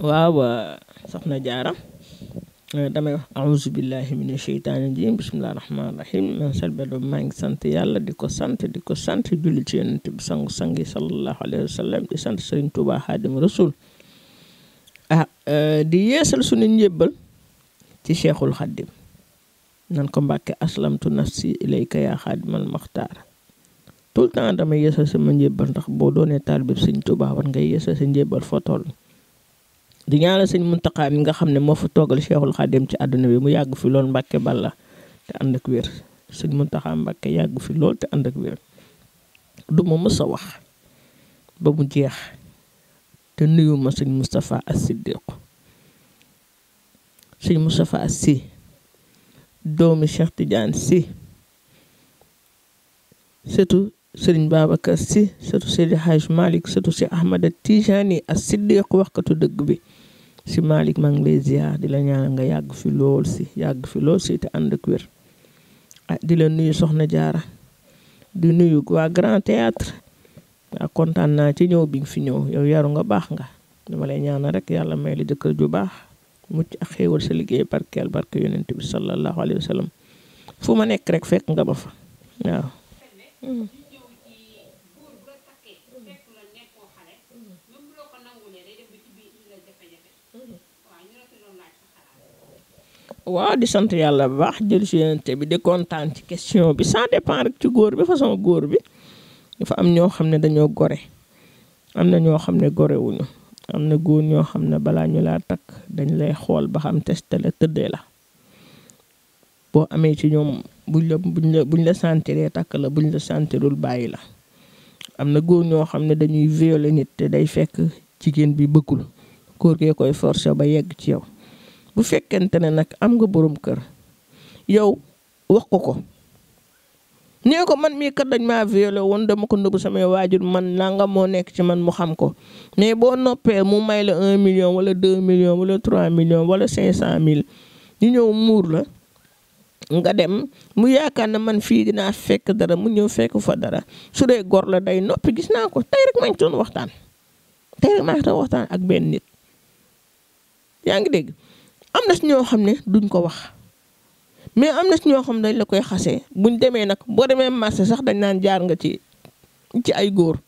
waaw soxna jaara eh, damay wax auzu billahi mina sheytaani rajim bisimilah rahmaani rahim man Selbé maa ngi sant yàlla di ko sant di ko sant julli ci yonent bi sangu sangi sallallahu alayhi di sant Sëriñ Tuubaa Rasuul ah, eh, di yeesal sunu njébbal ci Cheikhul Xaadim nan ko mbàkke aslamtu nafsi ilayka yaa xaadimal maxtaar tout le temps yeesal sama njébbal ndax boo doonee taalibeb sëñ Tuubaa war ngay yeesal sa njébbal foo toll di ñaanal sëñ Muntaxaa mi nga xam ne moo fa toogal Cheikhul Xaadim ci àdduna bi mu yàgg fi lool mbàkke balla te ànd ak wér sëñ Muntaxaa mbàkke yàgg fi lool te ànd ak wér du ma wax ba mu jeex te nuyu ma sëñ Moustapha As Siddiq sëñ Moustapha Si doomi Cheikh Tidiane si sëtu Serigne Babacar si sëtu Seydi Hadj Malick sëtu si Ahmada Tijani ak Siddiq waxkatu dëgg bi si Malick maa di la ñaanal nga yàgg fi lool si yàgg fi lool si te ànd ak ah, di la nuyu Soxna Jaara di nuyu waa Grand Théâtre waaw ah, kontaan naa ci ñëw biñ fi ñëw yow yaru nga baax nga dama lay ñaanal rek yàlla may la jëkkër ju baax mucc ak xéewal sa liggéey barkeel barke yonent bi sallallahu alayhi wa sallam fu ma nekk rek fekk nga ma fa waaw. di sant yàlla bu baax jël si yonent bi di kontaan ci question bi ça dépend rek ci góor bi façon góor bi dafa am ñoo xam ne dañoo gore am na ñoo xam ne gore am na góor ñoo xam ne balaa ñu laa takk dañ lay xool ba xam testé la tëddee la boo amee ci ñoom buñ la buñ la buñ sentiree takk la buñ la sentirul bàyyi la am na góor ñoo xam ne dañuy violer nit te day fekk jigéen bi bëggul kóor gee koy forcer ba yegg ci yow bu fekkente ne nag am nga boroom kër yow wax ko ko nee ko man mii kat dañ ma violé woon dama ko nëbb samay waajur man nanga moo nekk ci man mu xam ko mais boo noppee mu may la un million wala deux million wala trois million wala cinq cent mille ñu ñëw muur la nga dem mu yaakaar ne man fii dinaa fekk dara mu ñëw fekk fa dara su dee gor la day noppi gis naa ko tey rek maa ngi doon waxtaan tey waxtaan ak benn nit yaa ngi dégg am na si ñoo xam ne duñ ko wax. mais am na ci ñoo xam dañ la koy xase bu ñu demee nag boo demee marché sax dañ naan jaar nga ci ci ay góor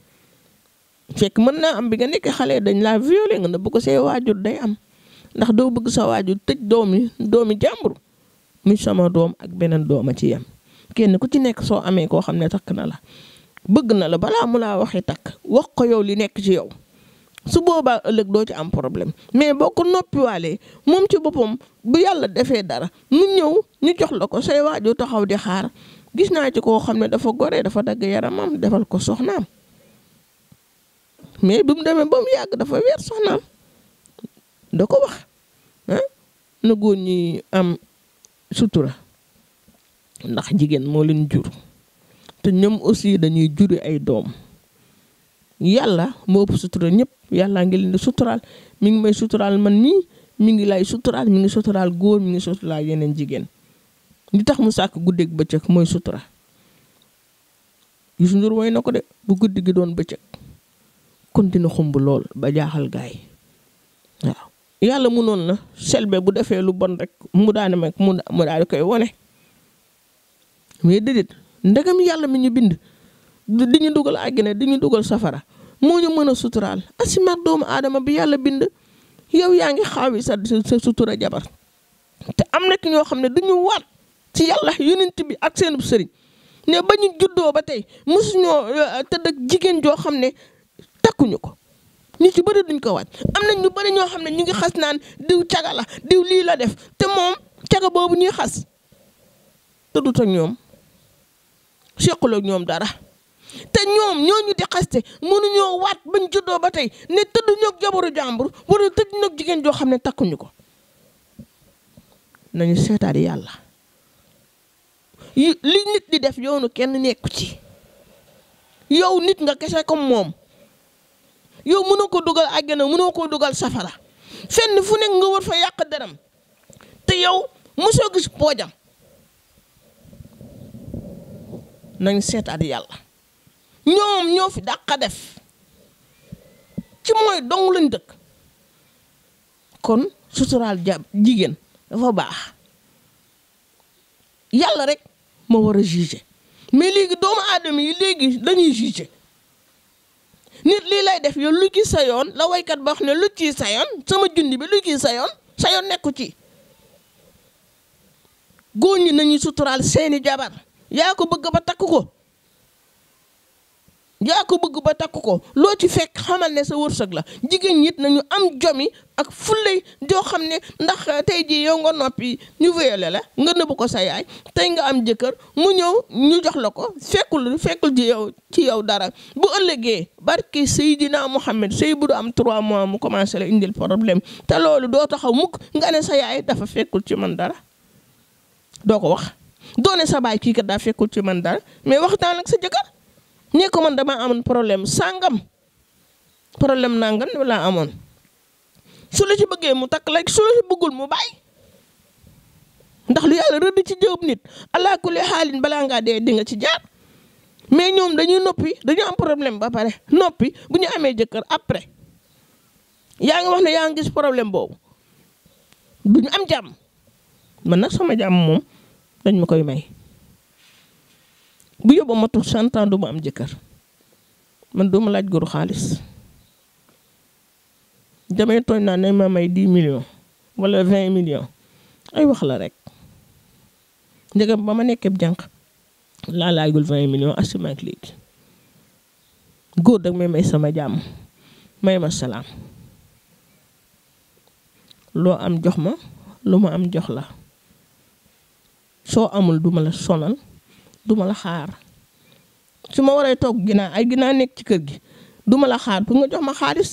fekk mën naa am bi nga nekk xale dañ laa violé nga ne bu ko see waajur day am ndax doo bëgg sa waajur tëj doomi doomi jàmbur mu sama doom ak beneen dooma ci yem kenn ku ci nekk soo amee koo xam ne takk na la bëgg na la balaa mu laa waxee takk wax ko yow li nekk ci yow su boobaa ëllëg doo ci am problème mais boo ko noppiwaalee moom ci boppam bu yàlla defee dara mu ñëw ñu jox la ko say waajur taxaw di xaar gis naa ci koo xam ne dafa gore dafa dagg yaramam defal ko soxnaam mais bi mu demee ba mu yàgg dafa weer soxnaam da ko wax ah na góor ñi am sutura ndax jigéen moo leen jur te ñoom aussi dañuy juri ay doom. yalla mo ëpp sutura ñëpp yàlla ngi leen di mi ngi may sutural man mii mi ngi lay sutural mi ngi sutural góor mi ngi sutural yeneen jigéen li tax mu sàkk guddeeg bëccëg mooy sutura Youssou ndur way na ko de bu guddi gi doon bëccëg kon dina xumb lool ba jaaxal gaay waaw yàlla mu noonu la selbe bu defee lu bon rek mu daane mag mu daal koy wone mais dedit ndegam yàlla mi ñu bind di ñu dugal àggina di ñu dugal safara moo ñu mën a suturaal asimaat doomu aadama bi yàlla bind yow yaa ngi xaawi sa sa sutura jabar te am na ki ñoo xam ne du ñu ci yàlla yonent bi ak seenub sëriñ ne ba ñu juddoo ba tey mosuñoo euh, tëdd ak jigéen joo xam ne takkuñu ko ñu ci bëri duñ ko waat am na ñu bëri ñoo xam ne ñu ngi xas naan diw caga la diw lii la def te moom caga boobu ñuy xas tëddut ak ñoom sequl ñoom dara. te ñoom ñooñu di xaste mënuñoo waat bañ juddoo ba tey ne tëdduñu ak jabaru jàmbur wala tëdduñu ak jigéen joo xam ne takkuñu ko nañu seetaat yàlla li nit di def yoonu kenn nekku ci yow nit nga kese comme moom yow mënoo ko dugal àjjana mënoo ko dugal safara fenn fu nekk nga war fa yàq deram te yow mosoo gis poojam nañ seetaat yàlla ñoom ñoo fi a def ci mooy dong lañ dëkk kon suturaal ja jigéen dafa baax yàlla rek ma war a juger mais léegi doomu aadama yi léegi dañuy juger nit lii lay def yow lu ci sa yoon la woykat ba wax ne lu ci sa yoon sama junni bi lu ci sa yoon sa yoon nekku ci góor ñi nañuy suturaal seeni jabar yaa ko bëgg ba takk ko yaa ko bëgg ba takk ko loo ci fekk xamal ne sa wërsëg la jigéen ñit nañu am jomi ak fullay joo xam ne ndax eh, tey ji yow nga noppi ñu wéyale la nga nëbb ko sa yaay tey nga am jëkkër mu ñëw ñu jox la ko fekkul fekkul ci yow ci yow dara bu ëllëgee barke Seydina Mohamed sëy bu du am trois mois mu commencé la indil problème te loolu doo taxaw mukk nga ne sa yaay dafa fekkul ci man dara doo ko wax doone sa baay kii kat daa fekkul ci man dara mais waxtaan sa jëkkër nii ko man dama problem problème sangam problème nangam wala amone su la ci beugé mu tak la su la ci bëggul mu bay ndax lu yalla reud ci jëwub nit allah kulli halin bala nga dee di nga ci jaar mais ñoom dañuy nopi dañu am problème ba paré nopi bu ñu yang jëkkër après ya nga wax né ya nga gis problème bobu am jam man nak sama jam mom dañ ma koy may. bu yóbbu matu 60 ans du am jëkkër man duma laaj góoru xaalis damay tooñ naa nañ ma may 10 millions wala 20 millions ay wax la rekk njëgam ba ma nekkee jànq laa laajul 20 millions asima léegi góor dag may may sama jàmm may ma salaam loo am jox ma lu ma am jox la soo amul duma la sonal duma la xaar su ma waree togg ginaar ay ginaar nekk ci kër gi duma la xaar pour nga jox ma xaalis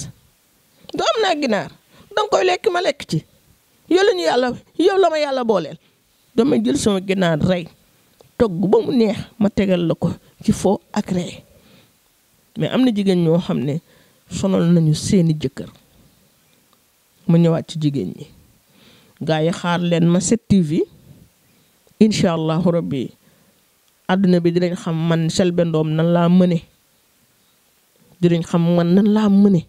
du am naa ginaar danga koy lekk ma lekk ci yow lañu ñu yàlla yow la ma yàlla booleel dama jël sama ginaar rey togg ba mu neex ma tegal la ko ci foo ak ree mais am na jigéen ñoo xam ne sonal nañu seeni jëkkër ma ñëwaat ci jigéen ñi gaa yi xaar leen ma 7TV incha allahu rabbi àdduna bi di dinañ xam man Selbé Ndom nan laa mëne dinañ xam man nan laa mëne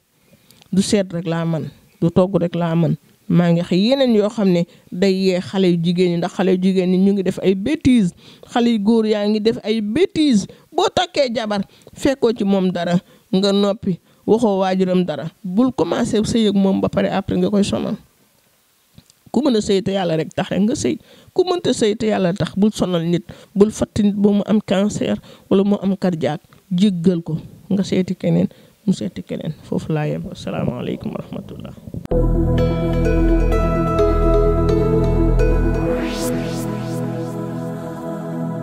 du seet rek laa man du togg rek laa man maa ngi xëy yeneen yoo xam ne day yee xale yu jigéen ñi ndax xale yu jigéen ñi ñu ngi def ay bêtises xale yu góor yaa ngi def ay bêtises boo takkee jabar fekkoo ci moom dara nga noppi waxoo waajuram dara bul commencé sëy ak moom ba pare après nga koy sonal ku mën a sëy te yàlla rekk tax rek nga sëy ku mënta sëy te yàlla tax bul sonal nit bul fàtte nit ba mu am cancer wala mu am cardiaque jéggal ko nga seeti keneen mu seeti keneen foofu laa yem asalaamaaleykum wa rahmatullah